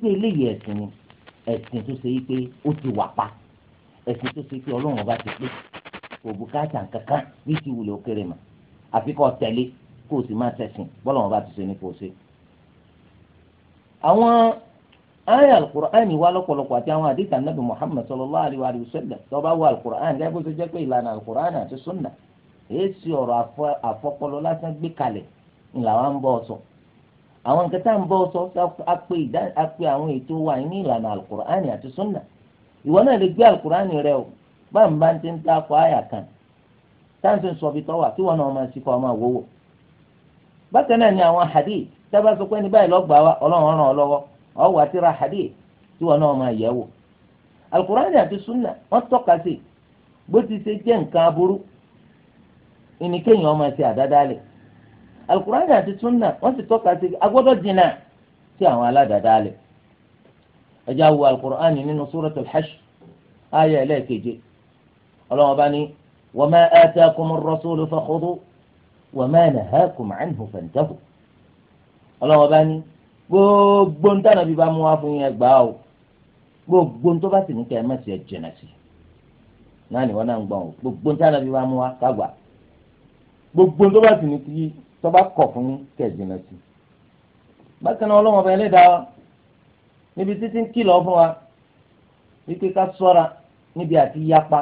pé eléyìí esi ni ẹ̀sìn tó ṣe yí pé ó ti wà pa ẹ̀sìn tó ṣe pé ọlọ́run ọba ti pé kò bùkátà kankan bí ti wulẹ̀ ma kéré mọ́ àfi kọ́ tẹ̀lé kó o sì máa tẹ̀sìn bọ́lọ̀ ọba ti ṣe ni kò ṣe. àwọn ayé alukur'ani wà lọ́pọ̀lọpọ̀ àti àwọn àdìsí anabi muhammad sallallahu alayhi wa sallam tó bá wà alukur'ani gẹ́gẹ́ bó ṣe jẹ́ pé ìlànà àti sunna èyí sì ọ̀rọ̀ lásán gbé kalẹ̀ àwọn nǹkan tá à ń bọ́ sọ àpè àwọn ètò wa ní ìlànà alukur'ani àti sunna ìwọ náà lè gbé alukur'ani rẹ o bá ti ń ta akọ kan ń sọ fi tọ́wà kí wọn náà máa ṣe kọ́ ọmọ àwòwò bákan náà ni àwọn hadith tábà sọ pé ní báyìí lọ́gbà wa ọlọ́run ràn ọ́ lọ́wọ́ ọ̀ wà sunna wọ́n tọ́ka sí bó ti ṣe jẹ́ nǹkan aburú ìníkéyìn ọmọ alukurani àti sunna wọ́n sì tọ́ka sí agbọ́dọ̀ jìnnà sí àwọn aládàádáalẹ̀ ẹjẹ́ awo alukurani nínú suratul Hashr aya ẹlẹ́ẹ̀keje ọlọ́wọ́n bá ní wa ma atakumur rasulu fakhudhu wa ma nahakum anhu fantahu ọlọ́wọ́n bá ní gbogbo ntànà bíbá mú wá fún yẹn gbà ó gbogbo ntọ́ bá sì ní kẹ́ ẹ má ẹ jìnnà sí náà ni wọ́n náà ń gbọ́n o gbogbo ntànà bíbá mú wá kágbà gbogbo ntọ́ bá sì ní kí tọba kọ̀ fún yín kẹ̀jìnà sí bákan náà ọba ẹlẹ́dàá wa níbi títí ń kìlọ̀ fún wa wípé ká sọ́ra níbi àti yapa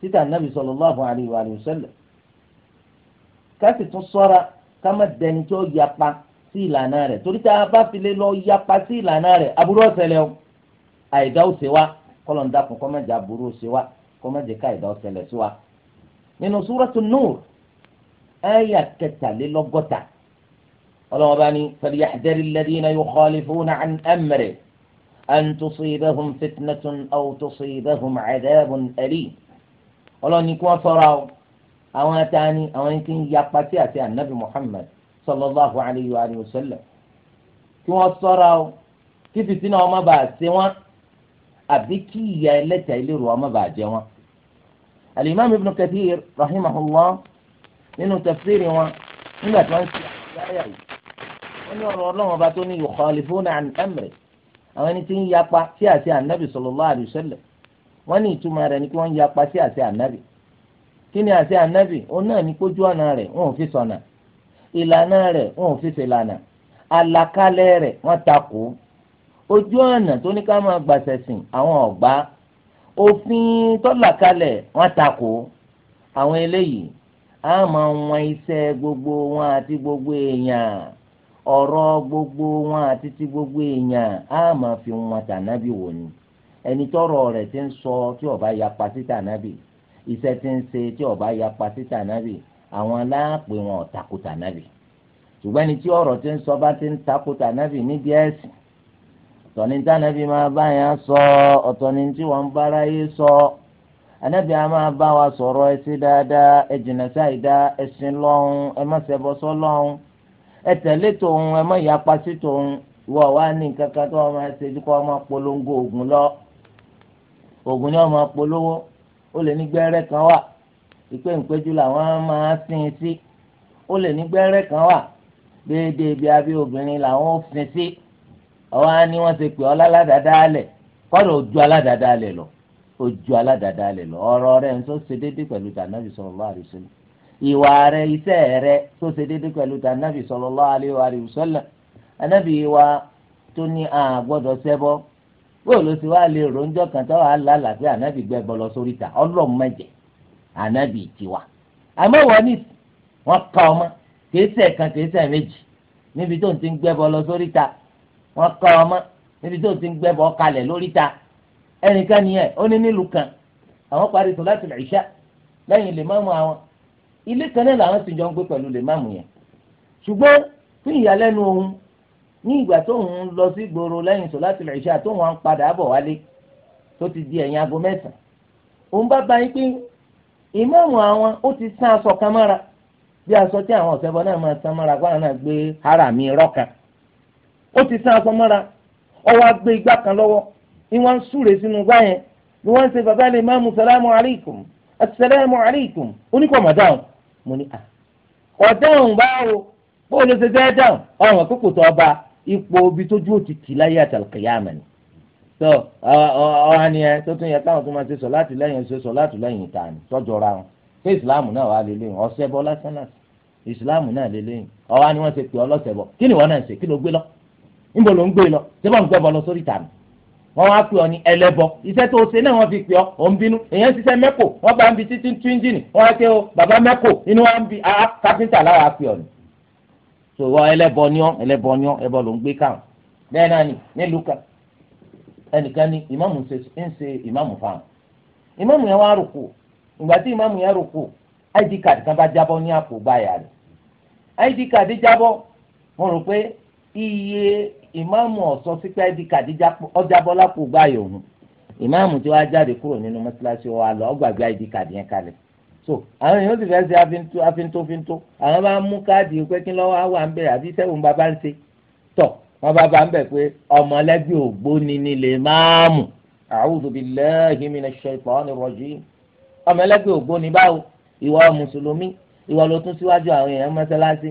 títà nàbì sallallahu alaihi wa sallam ká sì tún sọ́ra ká má dẹni tó yapa sí ìlànà rẹ̀ torí tá a bá lọ yapa sí ìlànà rẹ̀ aburú ọ̀sẹ̀lẹ̀ o àìdá òsè wa kọ́lọ̀ ń kọ́ aburú wa kọ́ ká àìdá sí wa. nínú áyà kẹtàlélọ́gọ́ta ọlọ́wọ́ bá ní فليحذر الذين يخالفون عن أمره أن تصيبهم فتنة أو تصيبهم عذاب أليم ọlọ́wọ́ ní kí wọ́n ṣọ́ra o àwọn àtàní àwọn tí ń yapa sí àti ànábì Muhammad sallallahu alayhi wa sallam kí wọ́n ṣọ́ra o kí fìtínà ọmọ bá ṣe wọ́n àbí kí ìyà ẹlẹ́tà ilé rò bá jẹ wọ́n. al Ibn Kathir rahimahullah nínú tafsiri wọn nígbà tí wọ́n ń ṣe àyà yìí wọ́n ní ọ̀rọ̀ ọlọ́run ọba tó ní yukhalifuna an amri àwọn ẹni tí ń yapa sí àṣẹ ànábì sallallahu alaihi wasallam wọ́n ní ìtumọ̀ rẹ̀ ni pé wọ́n ń yapa sí àṣẹ ànábì kí ni àṣẹ ànábì òun náà ní kójú ọ̀nà rẹ̀ wọn ò fi sọ̀nà ìlànà rẹ̀ wọn ò fi ṣèlànà àlàkalẹ̀ rẹ̀ wọ́n takò ojú ọ̀nà tó ní ká máa gbàṣẹ̀sìn àwọn ọ̀gbá òfin tọ́làkalẹ̀ wọ́n takò àwọn eléyìí a máa wọn iṣẹ́ gbogbo wọn àti gbogbo èèyàn ọ̀rọ̀ gbogbo wọn àti ti gbogbo èèyàn a máa fi wọn tànábì wò ni ẹni tọrọ rẹ̀ ti ń sọ tí ó bá yapa sí tànábì iṣẹ́ ti ń ṣe tí ó bá yapa sí tànábì àwọn aláàpẹ wọn ò takò tànábì ṣùgbọ́n ẹni tí ọ̀rọ̀ ti ń sọ bá ti ń takò tànábì níbi ẹ̀sìn ọ̀tọ̀ ni tànábì máa bá yẹn sọ ọ̀tọ̀ ni tí wọ́n ń bára yé sọ. So, anabi a máa bá wa sọ̀rọ̀ ẹ ṣe dáadáa ẹ jìnnà sáì dá ẹ sìn lọ́hùn ẹ má ṣẹbọ sọ́lọ́hùn ẹ tẹ̀lé tòun ẹ má yapa sí tòun ìwọ wa ní nǹkan kan tó wọn máa ṣe ju kó wọn máa polongo oògùn lọ oògùn ni wọn máa polówó ó lè ní gbẹ́rẹ́ kan wà ìpè ìpéjú làwọn máa sin sí ó lè ní gbẹ́rẹ́ kan wà déédéé bí abẹ́ obìnrin làwọn ò sin sí ọwọ́ á ní wọ́n pè ọ́ láládàá dálẹ̀ kọ́dọ̀ ojú aládàá dálẹ̀ lọ ojú aládàáda lè lọ ọ̀rọ̀ rẹ̀ ń tó ṣe déédéé pẹ̀lú tànàbì sallallahu alaihi wasallam ìwà rẹ̀ iṣẹ́ rẹ̀ tó ṣe déédéé pẹ̀lú tànàbì sallallahu alaihi wasallam anábì wa tó ní a gbọ́dọ̀ ṣẹbọ bóyá ló ti wá lè ròǹjọ kan tó wàá lálà pé anábì gbẹ bọ lọ sórí ta Ọlọ́run mẹjẹ anábì tiwa àmọ́ wọn ní ọmọ kéésẹ kan kéésẹ méjì níbi tó ń ti gbẹ bọ sórí ta wọn ka ọmọ níbi tó ń ti gbẹ bọ kalẹ̀ lórí ta ẹnìkan nìyẹn ó ní nílùú kan àwọn parí sọ̀láàtì ìṣá lẹ́yìn lè máàmù àwọn ilé kan náà làwọn sì jọ ń gbé pẹ̀lú lè máàmù yẹn ṣùgbọ́n fún ìyàlẹ́nu òun ní ìgbà tóun lọ sí gbòòrò lẹ́yìn sọ̀láàtì ìṣá tóun ń padà wálé tó ti di ẹ̀yìn aago mẹ́sàn òun bá ba ti aṣọ kan bí aṣọ tí àwọn ọ̀sẹ̀ náà máa kó àwọn náà gbé ara mi ó ti aṣọ ọwọ́ igbá kan ni wọ́n ń súre sínú báyẹn ni wọ́n ń ṣe bàbá lè máa mú sàlámù alaykum asalaamu alaykum oníkọ̀ mọ̀dáhùn mo ní à ọ̀dáhùn báwo bó o lè ṣe fẹ́ dáhùn ọ̀hún àkókò tó ọba ipò ibi tójú òtì tì láyé àtàlùkìyàmà ni tó ọ̀hán ni ẹ tó tún yẹ káwọn tó máa ṣe sọ láti lẹ́yìn ṣe sọ láti lẹ́yìn ìta ni tọ́jọ́ ra wọn pé ìsìláàmù náà wà lélẹ́yìn ọ̀sẹ̀ bọ́ lásán ìsìláàmù náà lélẹ́yìn ọ̀hán ni wọ́n ṣe pè ọlọ́sẹ̀ bọ̀ kí ni wọ́n náà ṣe kí ló gbé lọ níbo ló ń gbé lọ ṣé bọ́ọ̀ ń bọ́ lọ sórí ìta ni wọ́n wá pè ọ́ ní ẹlẹ́bọ iṣẹ́ tó o ṣe náà wọ́n fi pè ọ́ ò ń bínú èèyàn ṣiṣẹ́ mẹ́kò wọ́n bá ń bi títí tú ẹ́ńjìnì wọ́n á o bàbá mẹ́kò inú wa ń bi kápẹ́ńtà láwa pè ọ́ ni. so wọ́n ẹlẹ́bọ ni ọ́ ẹlẹ́bọ ni ọ́ ẹbọ ló ń gbé káwọn bẹ́ẹ̀ náà ni nílùú kan ẹnìkan ni ìmáàmù ń ṣe ìmáàmù fáwọn ìmáàmù yẹn wá rùkù ìgbà tí ìmáàmù yẹn rùkù id card kan bá jábọ́ ní àpò gbáyà rẹ̀ id card jábọ́ mo rò pé iye ìmáàmù ọ̀sọ́ sípẹ́ di kàdíjà ọjàbọ́lá kò gbáyé òun ìmáàmù tí wàá jáde kúrò nínú mọ́ṣáláṣí wa lọ ọgbàgbé àìdí kàdí yẹn kalẹ̀ so àwọn èèyàn sì fẹ́ẹ́ ṣe afintófintó àwọn bá mú káàdì pé kí lọ́wọ́ á wà ń bẹ̀ àbí sẹ́wọ̀n bàbá ń ṣe tọ̀ wọ́n bá bá ń bẹ̀ pé ọmọlẹ́gbẹ́ ògbóni ni lè máàmù a'udhu billahi minash shaitanir rajim ọmọlẹ́gbẹ́ ògbóni báwo ìwọ mùsùlùmí ìwọ ló tún síwájú àwọn èèyàn mọ́ṣáláṣí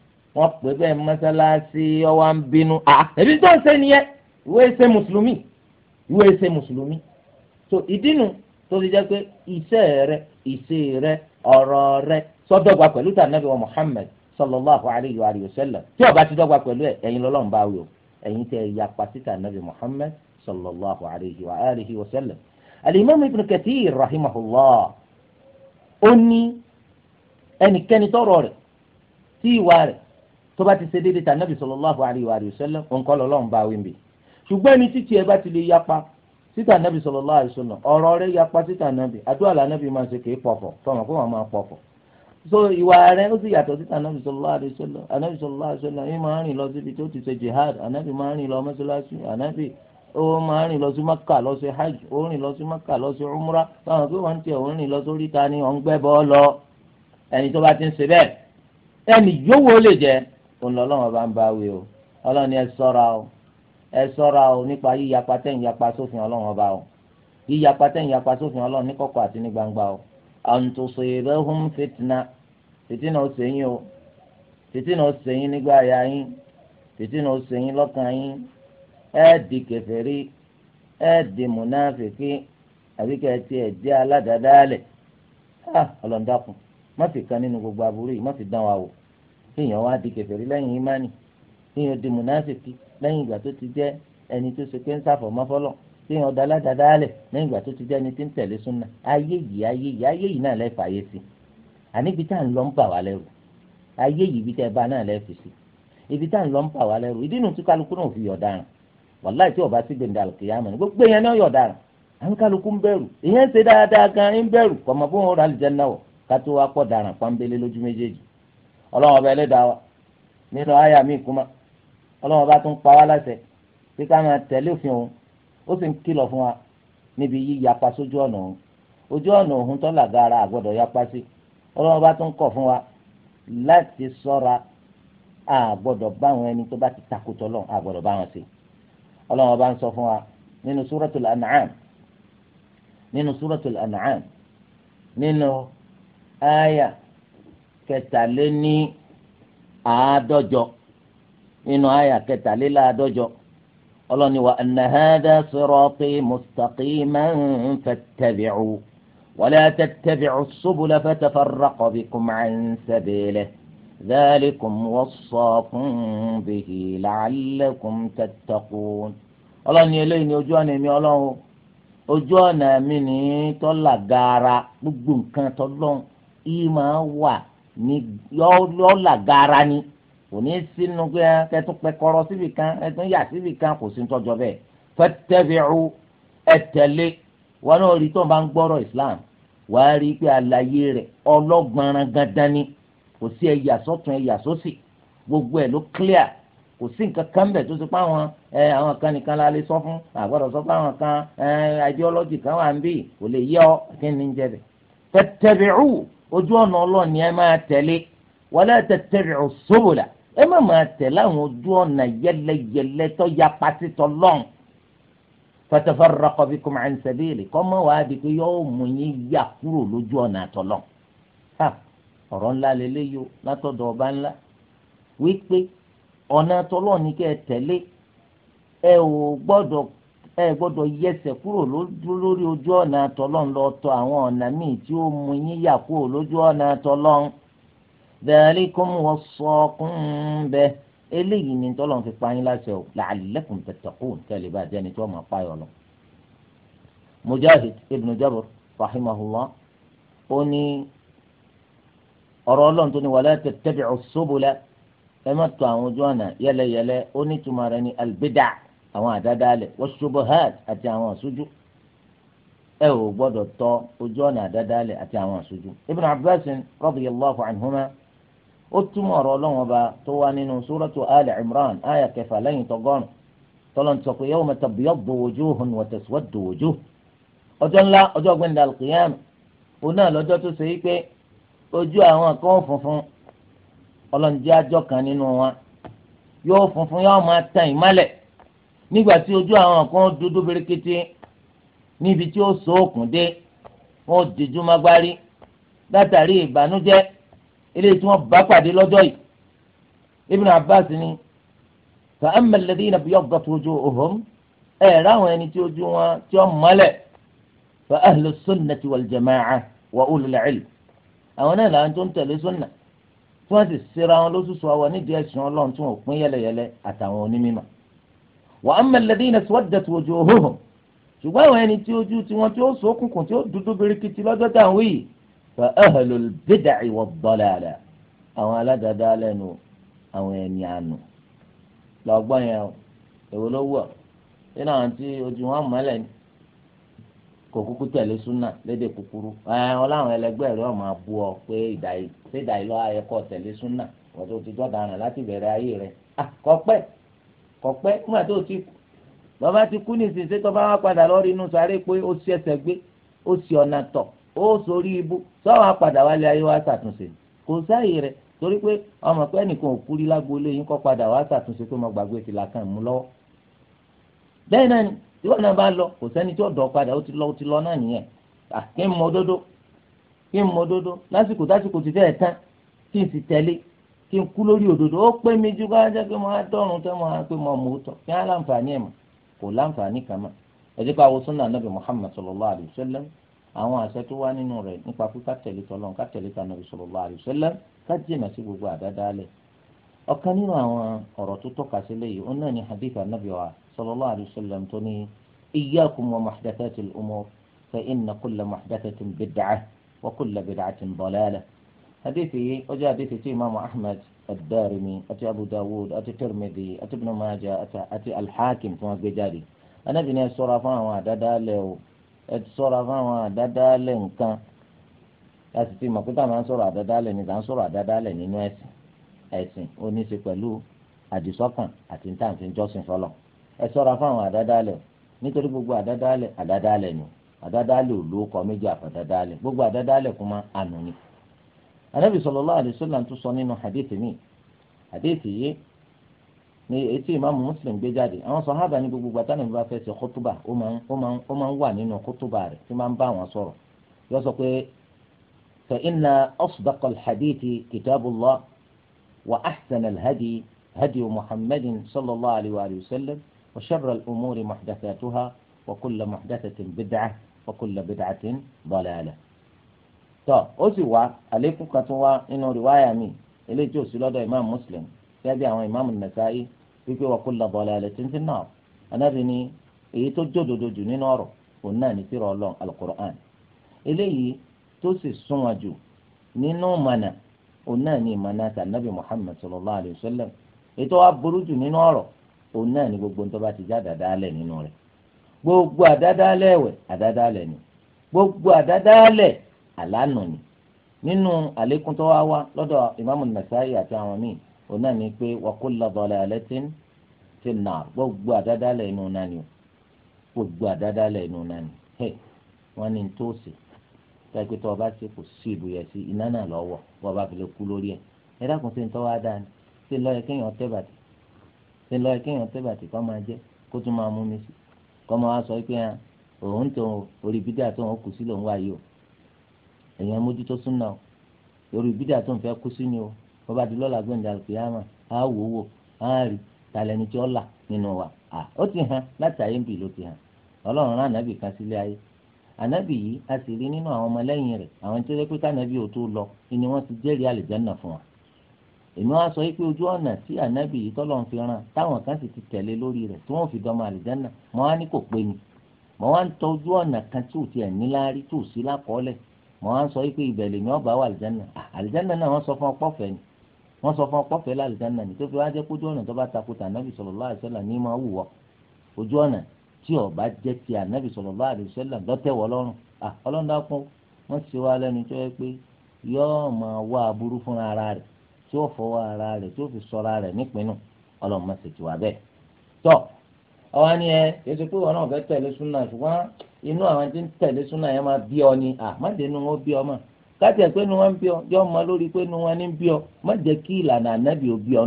wọ́n pè bẹ́ẹ̀ mọ́sálásí ọwọ́ ń bínú à ẹbí tó ń ṣe nìyẹn ìwé ṣe mùsùlùmí ìwé ṣe mùsùlùmí so ìdínú tó ti jẹ́ pé iṣẹ́ rẹ ìṣe rẹ ọ̀rọ̀ rẹ sọ́dọ̀gba pẹ̀lú tànàbí wa Muhammad sallallahu alayhi wa sallam tí ó bá ti dọ́gba pẹ̀lú ẹ̀ ẹ̀yin lọ́lọ́run bá wí o ẹ̀yin tẹ ya pàṣítà nàbì Muhammad sallallahu alayhi wa alihi wa sallam. alimami ibn Kathir rahimahullah ó ní ẹnikẹ́ni tọrọ rẹ̀ tí ìwà rẹ̀ tó bá ti ṣe déédéé ta nabi sallallahu alayhi wa sallam ònkọ́ lọ́lọ́run bá wí mi ṣùgbọ́n ẹni títí ẹ bá ti lè yapa síta nabi sallallahu alayhi wa sallam ọ̀rọ̀ rẹ̀ yapa síta nabi àdúrà la nabi máa ṣe kì í pọ̀fọ̀ tọmọ kó máa pọ̀fọ̀ so ìwà rẹ̀ ó sì yàtọ̀ síta nabi sallallahu alayhi wa sallam anabi sallallahu alayhi wa sallam ẹ máa rìn lọ síbi tó ti ṣe jihad anabi máa rìn lọ mọ́ṣáláṣí anabi ó máa rìn lọ sí maka lọ sí umra táwọn pé wọn ni ọ̀n gbẹ́ bọ́ lọ ẹni tó bá ti ń ṣe bẹ́ẹ̀ òun lọ́lọ́wọ́n bá ń bá wí o ọlọ́ni ẹ o ẹ o nípa yíyapa tẹ̀ sófin o yíyapa tẹ̀ sófin ọlọ́wọ́n ní àti ní gbangba o àǹtòsò ìrẹ́hùn fìtìnà fìtìnà ó o ó nígbà yín ó lọ́kàn yín ẹ di ẹ di àbí ẹ ah, ọlọ́ndàkùn má fi gbogbo kéèyàn wá di kèfèrí lẹ́yìn ìmánì kéèyàn di mùnáfìkì lẹ́yìn ìgbà tó ti jẹ́ ẹni tó ṣe pé ń ṣàfọ̀mọ́ fọ́lọ̀ kéèyàn da aládàádáálẹ̀ lẹ́yìn ìgbà tó ti jẹ́ ẹni tí ń tẹ̀lé súnà ayé yìí ayé yìí ayé yìí náà lẹ́fà ayé sí àníbi tá à ń lọ ń bà wá lẹ́rù ayé yìí ibi tẹ́ bá náà lẹ́fì sí ibi tá à ń lọ lẹ́rù ìdí ọlọ́run ọba ẹlẹ́dàá wa nínú àyà mi kúmọ́ ọlọ́run ọba tún pa wá láṣẹ pé ká máa tẹ̀lé òfin òun ó sì ń kìlọ̀ fún wa níbi yíyapa sójú ọ̀nà òun ojú ọ̀nà òun tó làgàra àgbọ̀dọ̀ yapa sí ọlọ́run ọba tún kọ̀ fún wa láti sọ́ra àgbọ̀dọ̀ báwọn ẹni tó bá ti takùtọ̀ lọ àgbọ̀dọ̀ báwọn sí ọlọ́run ọba ń sọ fún wa nínú súratul an'am nínú súratul an'am nínú àyà kẹtàléní àádọ́jọ nínú àyà kẹtàléláàádọ́jọ ọlọ́ni wa ń fẹ́ wọlé anna hadha sirati mustaqiman fattabi'u wala tattabi'u as-subula fatafarraqa bikum 'an sabilihi dhalikum wassaakum bihi la'allakum tattaqun ọlọ́ni eléyìí ni ojú ọ̀nà èmi ọlọ́run ojú ọ̀nà mi ní tọ́lá gaara gbogbo nǹkan tọ́lọ́ ìmọ̀ wà ní lọ́ọ̀là gara ni kò ní sínú pé kẹtún pẹkọrọ síbi kan ẹtún yà síbi kan kò sí ń tọjọ bẹ́ẹ̀ fẹtẹbìrú ẹtẹlé wọn náà rí tó ń bá ń gbọ́rọ̀ Islam wàá rí i pé àlàyé rẹ̀ ọlọ́gbọ̀nrán gandan ni kò sí ẹ̀yà sọ́tún ẹ̀yà sósì gbogbo ẹ̀ ló clear kò sí nǹkan kan bẹ̀ tó ti pa àwọn ẹ àwọn kan nìkan la lè sọ fún àgbàdo sọ fún àwọn kan ẹ ideology kan wà ń bì kò lè yẹ ọ kí ni ń jẹ bẹ. fẹtẹbìrú ojú ọ̀nà ọlọ́ọ̀ni ẹ máa tẹ̀lé wala tattabi'u subula ẹ má máa tẹ̀lé àwọn ojú ọ̀nà yẹlẹyẹlẹ tó ya pati tó lọ́n fatafarraqa bikum an sabili kọ́ mọ́ wàá di pé yóò mú yín yà kúrò lójú ọ̀nà àtọ̀lọ́n ha ọ̀rọ̀ ńlá lélẹ́yìí o látọ̀dọ̀ ọba ńlá wípé ọ̀nà àtọ̀lọ́n ni kẹ́ ẹ tẹ̀lé ẹ ò gbọ́dọ̀ ẹ gbọ́dọ̀ yẹsẹ̀ kúrò lórí ojú ọ̀nà tọ́lọ́n lọ tọ àwọn ọ̀nà míì tí ó mú yín yà kúrò lójú ọ̀nà tọ́lọ́n dhalikum wassakum bih eléyìí ni tọ́lọ́n fi pa yín láṣẹ o la'allakum tattaqun tẹ́lẹ̀ bá jẹ́ni tí wọ́n máa páyọ̀ lọ. Mujahid ibn Jabr rahimahullah ó ní ọ̀rọ̀ ọlọ́run tó ní wala tattabi'us subula ẹ má tọ àwọn ojú ọ̀nà yẹlẹyẹlẹ ó ní tùmọ̀ rẹ ní albidà' àwọn àdádálẹ̀ wọ́ṣubuhat àti àwọn àṣojú ẹ ò gbọ́dọ̀ tọ ojú ọ̀nà àdádálẹ̀ àti àwọn àṣojú. Ibn Abbas radiyallahu anhuma ó túmọ̀ ọ̀rọ̀ ọlọ́wọ́n ba tó wá nínú suratu ali imran aya kẹfà lẹ́yìn tọgọ́rùn tọ́lọ́n sọ pé yawma tabyaddu wujuhun wa taswaddu wujuh ọjọ́ ńlá ọjọ́ gbẹ̀ndà alqiyam òun náà lọ́jọ́ tó ṣe wípé ojú àwọn kan nígbà tí ojú àwọn kan dúdú berekete níbi tí ó so okùn dé wọn ò dìjú magbárí látàrí ìbànújẹ́ eléyìí tí wọn bá pàdé lọ́jọ́ yìí Ibn Abbas ni fa amma alladhina biyaddat wujuhuhum ẹ̀ ráwọn ẹni tí ojú wọn tí ó mọ́lẹ̀ fa ahlu sunnati wal jamaa'ah wa ulul ilm àwọn náà làwọn tó ń tẹ̀lé sunna tí wọ́n sì ṣera wọn lóṣooṣù àwọn onídìí ẹ̀sìn ọlọ́run tí wọ́n ò pín yẹlẹyẹlẹ àtàwọn onímọ̀ wa amma alladhina iswaddat wujuhuhum ṣùgbọ́n àwọn ẹni tí ojú tiwọn tí ó ṣókùnkùn tí ó dúdú birikiti lọ́jọ́ tá à ń wí fa ahlul bid'i wad-dalala àwọn aládàáda lẹ́nu àwọn ẹni àánú lọ́gbọ́n yẹn èwo ló wọ̀ nínú àwọn tí ojú wọn mọ́lẹ̀ kò kúkú tẹ̀lé súnà lédè kúkúrú ẹ wọn láwọn ẹlẹgbẹ́ rẹ ọmọ abú ọ pé ìdàyí ṣé ìdàyí lọ́wọ́ ayẹkọ́ tẹ̀lé súnà wọ́n tó ti dọ́daràn láti bẹ̀rẹ̀ ayé rẹ̀ ah, kọ́pẹ́ kọ̀pẹ́ nígbà tó ti kú bàbá ti kú nísìnyí ṣé tọ́ba wá padà lọ inú sáré pé ó sì ẹsẹ̀ gbé ó sì ọ̀nà tọ̀ ó sórí ibú sọ́wọ́n apàdà wálé ayé wa ṣàtúnṣe kò sáàyè rẹ̀ torí pé ọmọ pẹ́ ẹnìkan ò kú rí lágboolé kọ́ padà wá ṣàtúnṣe pé gbàgbé ti là kàn mú lọ kò sẹ́ni tí ọ̀dọ́ padà lọ ó lọ náà nìyẹn kí n mọ òdodo kí n mọ òdodo lásìkò kí n kú lórí òdodo ó pé mi ju káwọn jẹ́ pé mo á dọ́rùn tẹ́ mo á pé mo mú tọ̀ kí á láǹfààní ẹ̀ mọ̀ kò láǹfààní kan mọ̀ ẹ jẹ́ ká wo súnà nàbì Muhammad sallallahu alayhi wa sallam àwọn àṣẹ tó wá nínú rẹ̀ nípa pé ká tẹ̀lé tọ́lọ́n ká tẹ̀lé ta nàbì sallallahu alayhi wa sallam ká jìnà sí gbogbo àdádálẹ̀ ọ̀kan nínú àwọn ọ̀rọ̀ tó tọ́ka sí léyìí ó náà ní sallallahu alayhi wa sallam tó ní iyyakum wa muhdathatil umur fa inna kulla muhdathatin hadith yìí ó jẹ́ hadith أحمد الدارمي ahmed أبو داود àti abu dawud àti tirmidhi àti ibn majah àti alhakim tí wọ́n gbé jáde anábì ni ẹ sọ́ra fún àwọn àdádálẹ̀ o ẹ sọ́ra fún àwọn àdádálẹ̀ nǹkan láti ti mọ̀ pé táwọn máa ń sọ̀rọ̀ àdádálẹ̀ ni táwọn sọ̀rọ̀ àdádálẹ̀ nínú ẹ̀sìn ẹ̀sìn ó ní í ṣe pẹ̀lú àdìsọ́kàn àti ntàǹtì jọ́sìn fọlọ́ ẹ sọ́ra fún àwọn àdádálẹ̀ nítorí gbogbo àdádálẹ̀ àdádálẹ̀ ni àdádálẹ̀ ò lóko méjì àfàdádálẹ̀ gbogbo àdádálẹ̀ kúmá ànú ni. النبي صلى الله عليه وسلم tún sọ nínú hadith mi ni etí ìmáàmù muslim gbé jáde àwọn sọhábà ní gbogbo gbàtà nàbí bá fẹ́ ṣe kótóbà ó máa ń wà nínú kótóbà rẹ̀ tí máa ń bá àwọn sọ̀rọ̀ yọ sọ pé fa inna فإن أصدق الحديث hadi hadi وأحسن sallallahu هدي wa sallam wa عليه وآله وسلم وشر الأمور محدثاتها وكل محدثة بدعة وكل بدعة ضلالة tọ ó sì wá àlékún kan tó wá nínú rìwáyà mi eléyìí tí ò sí lọ́dọ̀ imam muslim gẹ́gẹ́ àwọn imam nàṣáyé wípé wọ́n kó lọ́bọ̀ọ́lẹ̀ alẹ́ títí náà anábì ni èyí tó jódodo jù nínú ọ̀rọ̀ òun náà ní tìrọ̀ ọlọ́run alukur'an eléyìí tó sì súnwọ̀n jù nínú mànà òun náà ní ìmànà tànàbì muhammad sallallahu alayhi wa sallam èyí tó wá burú jù nínú ọ̀rọ̀ òun náà ní gbogbo nítorí ti já àdádálẹ̀ nínú rẹ̀ gbogbo àdádálẹ̀ ẹ̀wẹ̀ àdádálẹ̀ ni gbogbo àdádálẹ̀ àlánà ni nínú àlékún tó wá wá lọ́dọ̀ ìmáàmù Nasa'i àti àwọn míì òun náà ni pé wa kullu dalalatin fin nar gbogbo àdádálẹ̀ inú náà ni gbogbo àdádálẹ̀ inú náà ni ẹ̀ wọ́n ní tó ṣe tẹ́gbẹ́ tó o bá ṣe kò sí ìbùyẹ̀ sí iná náà lọ́wọ́ bó o bá fi lè kú lórí ẹ̀ ẹ dákun sí ní tọ́wọ́ dáa ni ṣé lọ́yẹ kéèyàn tẹ́ bàtì lọ́yẹ kéèyàn tẹ́ kọ́ máa jẹ́ kó tún máa mú mi sí kọ́ máa wá sọ pé òun tó orí bídà tó òun kù sí lòun wáyé o èyàn amójútó súnà o lórí bídà tó ń kú sí ni o bàbá àti lọ́la gbẹ̀ǹdà kìyàmà á wò wò á rí tí ó là ti hàn láti ayé bì ló ti hàn ọlọ́run rán ànábì kan sílé ayé ànábì yìí a sì rí nínú àwọn ọmọlẹ́yìn rẹ̀ àwọn tó yẹ pé kánábì ò tó lọ ni wọ́n ti jẹ́rìí àlìjánà fún wa èmi wá sọ pé ojú ọ̀nà ti tẹ̀lé lórí rẹ̀ tí wọ́n fi dọ́mọ mọ́ wá ní kò pé mi mọ́ wọ́n á sọ pé ibẹ̀ lèmi ọba wà àlìjánà àlìjánà náà wọ́n sọ fún ọpọ́ fẹ́ ni wọ́n sọ fún ọpọ́ fẹ́ lálìjánà ni tó fi wá jẹ́ kójú ọ̀nà tó bá takuta ànábì sallallahu alaihi wasallam ní máa wùwọ́ ojú ọ̀nà tí ọba jẹ́ ti ànábì sallallahu alaihi wasallam lọ́tẹ̀wọ́ lọ́rùn ọlọ́dàkùn wọ́n ti wá lẹ́nu tó yẹ pé yọ́ọ́ máa wá aburú fún ara rẹ̀ tí ó fọwọ́ ara rẹ̀ tí ó fi sọra rẹ̀ inú àwọn tí ń tẹ̀lé súnà yẹn máa bí ọ ni à má dé nu wọn bí ọ mà káàtì pé nu wọn ń bí ọ yọ ọmọ lórí pé nu wọn ń bí ọ má jẹ́ kí ìlànà ànábì ò bí ọ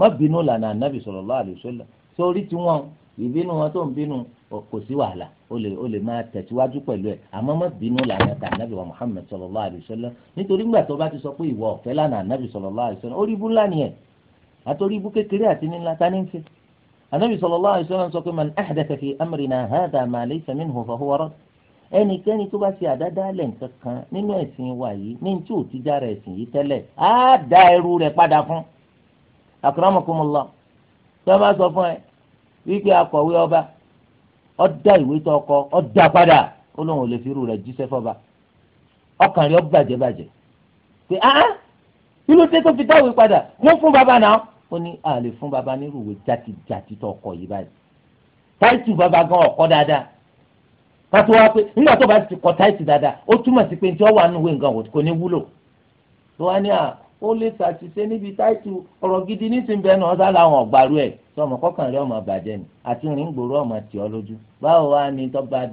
má bínú ìlànà ànábì sallallahu alaihi wasallam sórí tí wọn ìbínú wọn tó ń bínú kò sí wàhálà o lè o lè máa tẹ̀síwájú pẹ̀lú ẹ̀ àmọ́ má bínú lànà tà wa Muhammad sallallahu alaihi nítorí ńgbà tó bá sọ pé ìwọ ọ̀fẹ́ anabi sallallahu alaihi wasallam sọ pé man ahdatha fi amrina hadha ma laysa minhu fa huwa radd ẹnikẹ́ni tó bá ṣe àdádálẹ̀ nǹkan kan nínú ẹ̀sìn wa yìí ní tí ò ti jára ẹ̀sìn yìí tẹ́lẹ̀ á da ẹrú rẹ̀ padà fún akramakumullah tí wọ́n bá sọ fún ẹ wípé akọ̀wé ọba ọ̀dà ìwé tó ọkọ ọ̀dà padà ó lóun ò lè fi irú rẹ̀ jíṣẹ́ fọba ọkàn rẹ̀ ó bàjẹ́ bàjẹ́ pé áá kí ló fi dáwé padà wọ́n fún bàbá náà ó ní a fún baba nírú ìwé jatijati tó ọkọ yìí báyìí táìtù baba gan ọkọ dáadáa pàtó wa pé nígbà tó bá ti kọ táìtù dáadáa ó túmọ̀ sí pé ní tí wọ́n wà nínú ìwé nǹkan kò ní wúlò tó wá ní à ó lè ṣàṣìṣe níbi táìtù ọ̀rọ̀ gidi nísìnyìnbẹ́ náà ọ̀sá làwọn ọ̀gbàrú ẹ̀ tí ọmọ kọkàn rẹ ọmọ bàjẹ́ ni àti rìn gbòòrò ọmọ tì ọ lójú báwo wá ní tọ́ba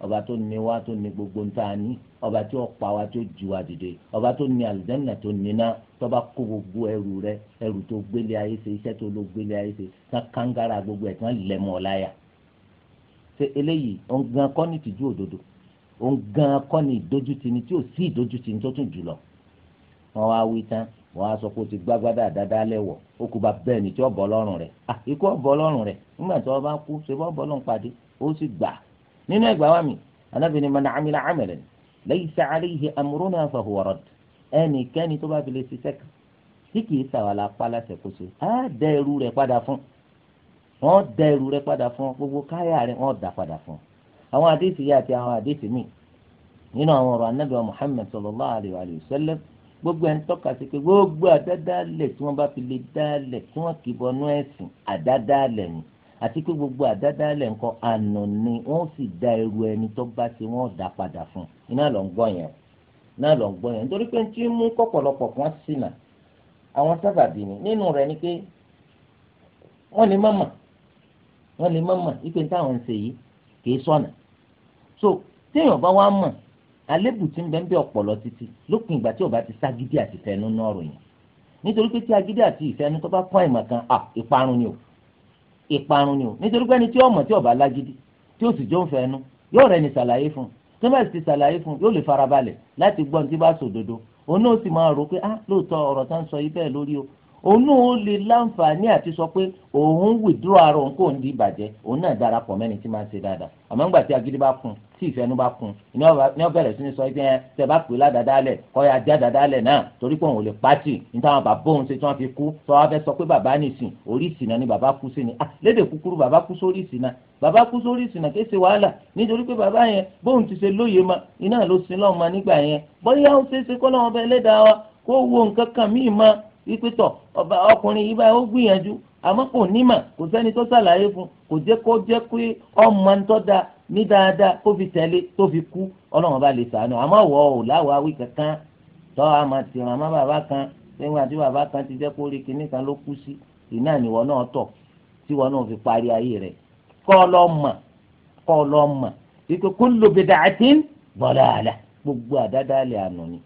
ọba tó ní wa tó ní gbogbo ń tà ní ọba tí ó pa wa tó ju wa dìde ọba tó ní àlùjánnà tó níná tọba kó gbogbo ẹrù rẹ ẹrù tó gbélé ayé ṣe iṣẹ́ tó ló gbélé ayé ṣe tán kángára gbogbo ẹ̀ tán lẹ̀mọ́ láyà ṣe eléyìí ó ń gan kọ́ ní tìjú òdodo ó ń gan kọ́ ní ìdójútì ni tí ò sí ìdójútì ni tó tún jù lọ wọn wá wí tán wọn á sọ pé o ti gbágbádá dáadáa lẹ́wọ̀ ó kú bá bẹ́ẹ̀ ni tí ó bọ́ lọ́rùn rẹ̀ ah, ikú ó bọ́ lọ́rùn nígbà tí wọ́n bá kú ṣe bọ́ bọ́ lọ́rùn pàdé ó sì gbà nínú ẹgbàá wa mi Ànábì ní man amila amalan laysa alayhi amruna fahuwa radd ẹnikẹ́ni tó bá fi lè ṣiṣẹ́ kan tí kì í sàwàlà pálá ṣẹkóso á dẹ ẹrú rẹ̀ padà fún wọn dẹ ẹrú rẹ̀ padà fún gbogbo káyà rẹ̀ wọn dà padà fún àwọn àdéhìí yìí àti àwọn àdéhìí míì nínú àwọn ọ̀rọ̀ Ànábì wa Muhammad sallallahu alayhi wa gbogbo ẹni tọ́ka sí pé gbogbo àdádálẹ̀ tí wọ́n bá fi lè dálẹ̀ tí wọ́n kì í bọnú ẹ̀sìn àdádálẹ̀ ni àti pé gbogbo àdádálẹ̀ nǹkan àná ni wọ́n sì da ẹrù ẹni tó bá ti wọ́n dá padà fún iná lọ ń gbọ́ yẹn náà lọ ń gbọ́ yẹn nítorí pé tí mú kọ̀pọ̀lọpọ̀ kan ṣìnà àwọn sábàbí ni nínú rẹ̀ ni pé wọ́n lè má mà wọ́n lè ipe táwọn ń ṣe yìí kìí sọ̀nà so téèyàn bá wá mọ̀ àlébù tí ń bẹ ń bẹ ọpọlọ títí lópin ìgbà tí ò bá ti ságídí àti ìfẹ́nu náà ròyìn nítorí pé tí agídí àti ìfẹ́nu tó bá kọ́ àìmọ̀ kan à ìparun ni o ìparun ni o nítorí pé ẹni tí ọmọ tí ọba lágídí tí ó sì jó ń fẹnu yóò rẹni ṣàlàyé fún un tí wọ́n bá ti ṣàlàyé fún un yóò lè farabalẹ̀ láti gbọ́ tí bá sòdodo òun náà sì máa rò pé ah lóòótọ́ ọ̀rọ̀ tá ń sọ yìí bẹ́ẹ̀ lórí o òun náà lè láǹfààní àti sọ pé òun wìdúrà ara òun kò ń di ìbàjẹ́ òun náà darapọ̀ mẹ́ni tí máa ń ṣe dáadáa àmọ́ ńgbà tí agídí bá kún tí ìfẹ́nu bá kún ní ó bẹ̀rẹ̀ sí ní sọ pé ẹ bá pè ládàáda lẹ̀ kọ́ ya já dàda lẹ̀ náà torí pé òun ò lè pátì ní táwọn bàbá òun ṣe tí wọ́n fi kú sọ wá fẹ́ sọ pé bàbá nìsín orí ìsìnà ni bàbá kú sí ni ah lédè kúkúrú bàbá kú sórí ìsìnà bàbá kú sórí ìsìnà kì í ṣe wàhálà nítorí pé bàbá yẹn bóun ti ṣe lóye ma iná ló sin lọ́ọ̀ ma nígbà yẹn bóyá ó ṣeé ṣe kọ́ lọ́wọ́ bẹ́ẹ̀ lẹ́dàá wa kó wo nǹkan kan míì ma wípé tọ̀ ọba ọkùnrin yìí báyìí ó gbìyànjú àmọ́ kò nímà kò sẹ́ni tó ṣàlàyé fún kò jẹ́ kó jẹ́ pé ọmọ tó da ní dáadáa kó fi tẹ̀lé tó fi kú ọlọ́run bá lè sànù àmọ́ wọ́ ò láwàá wí kankan tọ́ a máa ti ràn má bàbá kan sẹ́yìn àti bàbá kan ti jẹ́ kó rí kinní kan ló kú sí ìná ìwọ náà tọ̀ tí wọn náà fi parí ayé rẹ̀ kọ́ ọ lọ́ọ́ mà kọ́ ọ lọ́ọ́ mà wípé kullu bid'atin dalalah gbogbo àdádálẹ̀ àná ni.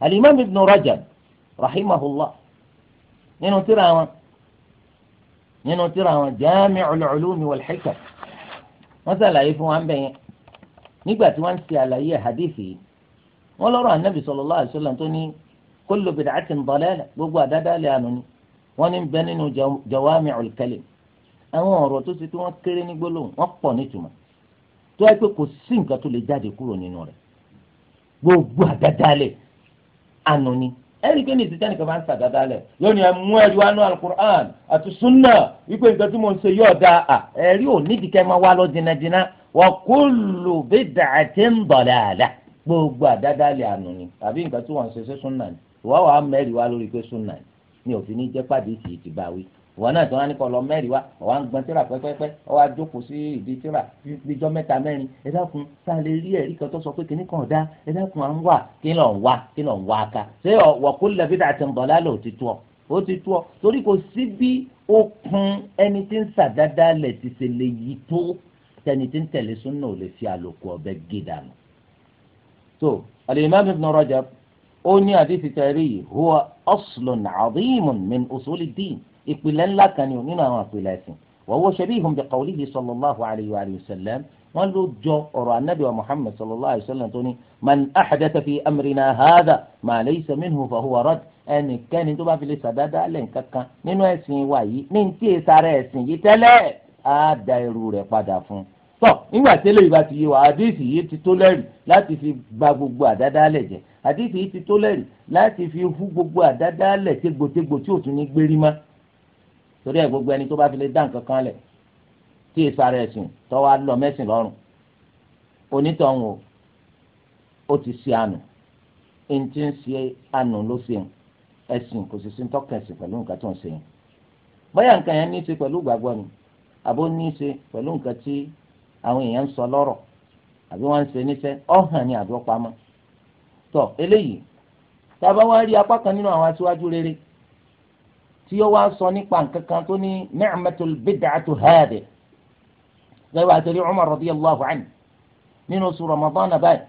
Al-Imam rahimahullah nínú tíra wọn nínú tíra wọn Jami'ul Ulumi wal Hikam wọ́n ṣàlàyé fún wa ń bẹ yẹn nígbà tí wọ́n ń ṣe àlàyé hadithi yìí wọ́n lọ́rọ̀ anabi sallallahu alaihi wasallam tó ní kullu bid'atin dalalah gbogbo àdádálẹ àánú ni wọ́n ní bẹ nínú jawami'ul kalim àwọn ọ̀rọ̀ tó ti pé wọ́n kéré ní gbólóhùn wọ́n pọ̀ nítumọ̀ tó wáyé pé kò sí nǹkan tó lè jáde kúrò nínú rẹ̀ gbogbo àdádálẹ̀ àánú ẹ̀rí pé ní ìsìtẹ́ nìkan máa ń sàdáadáa lẹ̀ yóò ní ẹ mú ẹ̀rí wá ní alukur'an àti sunna wípé nǹkan tí mo ń ṣe yóò da à ẹ̀rí ò ní ìdíkẹ́ máa wá lọ jìnnàjìnnà wa kullu bid'atin dalalah gbogbo àdáadáa lẹ̀ ànú ni tàbí nǹkan tí wọ́n ń ṣe ṣe sunna ni ìwọ́ wàá mẹ́rìí wá lórí pé sunna ni mi ò fi ní jẹ́ pàdé ìsì ìtìbáwí wọn náà tí wọn á ní kọ lọ mẹ́rin wa ọwọ à ń gbọn tíra pẹ́pẹ́pẹ́ ọwọ àjókòó sí ìdí tíra ìjọ mẹ́ta mẹ́rin ẹ dákun tá a lè rí ẹ̀rí kan tó sọ pé kìnnì kan dá ẹ dákun à ń wà kí lọ ń wà kí lọ ń wà ká ṣé ọ̀wọ̀kú lẹ́bí tá a ti ń bọ̀ lálẹ́ òtítọ́ ó ti tú ọ torí kò sí bí okun ẹni tí ń sàdáadá lẹ̀ ti ṣe lè yí tó tẹni tí ń tẹ̀lé súnà ò lè fi àlòkù ọ̀bẹ gé dànù. so al-Imam Ibn Rajab ó ní àdìsí tẹ̀rí yìí huwa aslun ìpìlẹ̀ ńlá kan ni nínú àwọn ìpìlẹ̀ ẹ̀sìn wọ́wọ́ shabihum bi qawlihi sallallahu alayhi wa sallam wọ́n ló jọ ọ̀rọ̀ anabi wa muhammad sallallahu alayhi wa sallam tó ní man ahdatha fi amrina hadha ma laysa minhu fa huwa rad ẹnikẹ́ni tó bá fi lè sàdáadáa lẹ̀ kankan nínú ẹ̀sìn wa yìí ní ti sara ẹ̀sìn yìí tẹ́lẹ̀ á da irú rẹ̀ padà fún un tọ nígbà torí ẹ gbogbo ẹni tó bá fi lè dá nǹkan kan lẹ̀ tí ìsàrẹ ẹ̀sìn tó wá lọ mẹ́sìn lọ́rùn onítọ̀hún o ó ti ṣe àánú ẹni tí ń ṣe àánú ló ṣe ẹ̀sìn kò sì sí tọ́kẹ̀sìn pẹ̀lú nǹkan tó ń ṣe yẹn bóyá nǹkan yẹn ní í ṣe pẹ̀lú ìgbàgbọ́ ni àbó ní í ṣe pẹ̀lú nǹkan tí àwọn èèyàn ń sọ lọ́rọ̀ àbí wọ́n ń ṣe níṣẹ́ ọ̀hàn ni àbí ọ̀pamọ́ tọ́ eléyìí tá a bá wá rí apá kan nínú àwọn aṣíwájú rere tí ó wá sọ nípa nǹkan kan tó ní ni'matul bid'atu hadi lẹ́wọ̀ àtẹ̀rí Umar radiyallahu anhu nínú oṣù Ramadan báyìí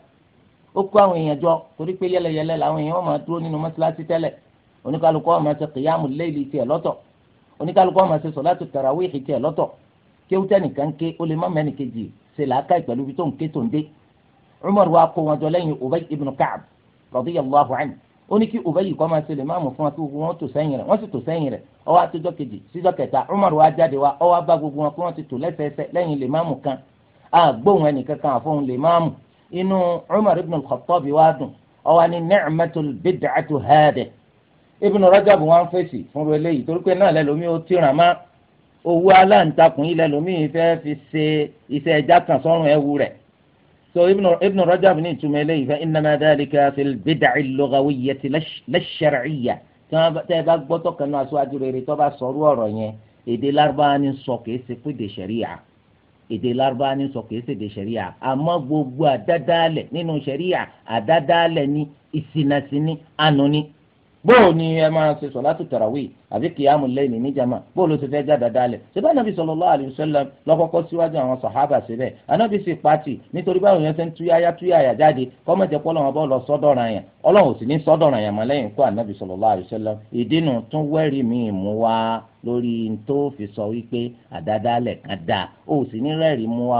ó kó àwọn èèyàn jọ torí pé yẹlẹyẹlẹ làwọn èèyàn máa dúró nínú mọ́ṣáláṣí tẹ́lẹ̀ oníkálukú ó máa ṣe kìyàmù léèlì tiẹ̀ lọ́tọ̀ oníkálukú ó máa ṣe sọ̀látù tàràwíhì tiẹ̀ lọ́tọ̀ kéwútẹ́ nìkan ké ó lè má mẹ́ni kejì ṣe làákà ìpẹ̀lú bí tó ń ké tó ń dé Umar wa kó wọn jọ lẹ́yìn Ubay ibn Ka'b radiyallahu anhu ó ní kí Ubayy kọ́ máa ṣe lè máàmù fún wa kí gbogbo wọn tò sẹ́yìn rẹ̀ wọ́n sì tò sẹ́yìn rẹ̀ ó wá àtijọ́ kejì síjọ́ kẹta Umar wa jáde wa ó wá bá gbogbo wọn kí wọ́n ti tò lẹ́sẹẹsẹ lẹ́yìn lè máàmù kan àgbóhùn ẹnìkankan àfọ̀hún lè máàmù inú Umar ibn al-Khattab wa dùn ó wá ní ni'matul bid'atu hadi Ibn Rajab wọn fèsì fún so ibn ibn rajab ní ìtumọ̀ eléyìí fa innama dhalika fil bid'il lughawiyyati lash-shar'iyyah tẹ́ ẹ bá gbọ́ tọkàn náà aṣáájú rere tó bá sọ̀rọ̀ ọ̀rọ̀ yẹn èdè lárúbáwá ní sọ kìí ṣe pédè ṣẹ̀ríyà èdè lárúbáwá ní sọ kìí ṣèdè ṣẹ̀ríyà àmọ́ gbogbo àdádálẹ̀ nínú ṣẹ̀ríyà àdádálẹ̀ ní ìsìnàsíní ànú bóò ni ẹ máa ṣe sọ̀látù tàràwí àbí kìyàmù lẹ́yìn níjàmá bóò ló ti fẹ́ jáde dálẹ̀ ṣé bá nàbí sallallahu alaihi wasallam lọ́kọ́kọ́ síwájú àwọn sàhábà síbẹ̀ anábì sì pàtì nítorí báwọn yẹn ṣe ń túyáyá túyáyá jáde kọ́mọ̀jẹ́ pọ́ lọ́wọ́ bọ́ọ̀ lọ sọ́dọ̀ràn yẹn ọlọ́run sì ní sọ́dọ̀ràn yẹn mọ́ lẹ́yìn kó anábì sallallahu alaihi wasallam ìdínú tún wẹ́rì míì mú wá lórí tó fi sọ wípé àdádálẹ̀ kan dáa ó sì ní rẹ́rìí mú wá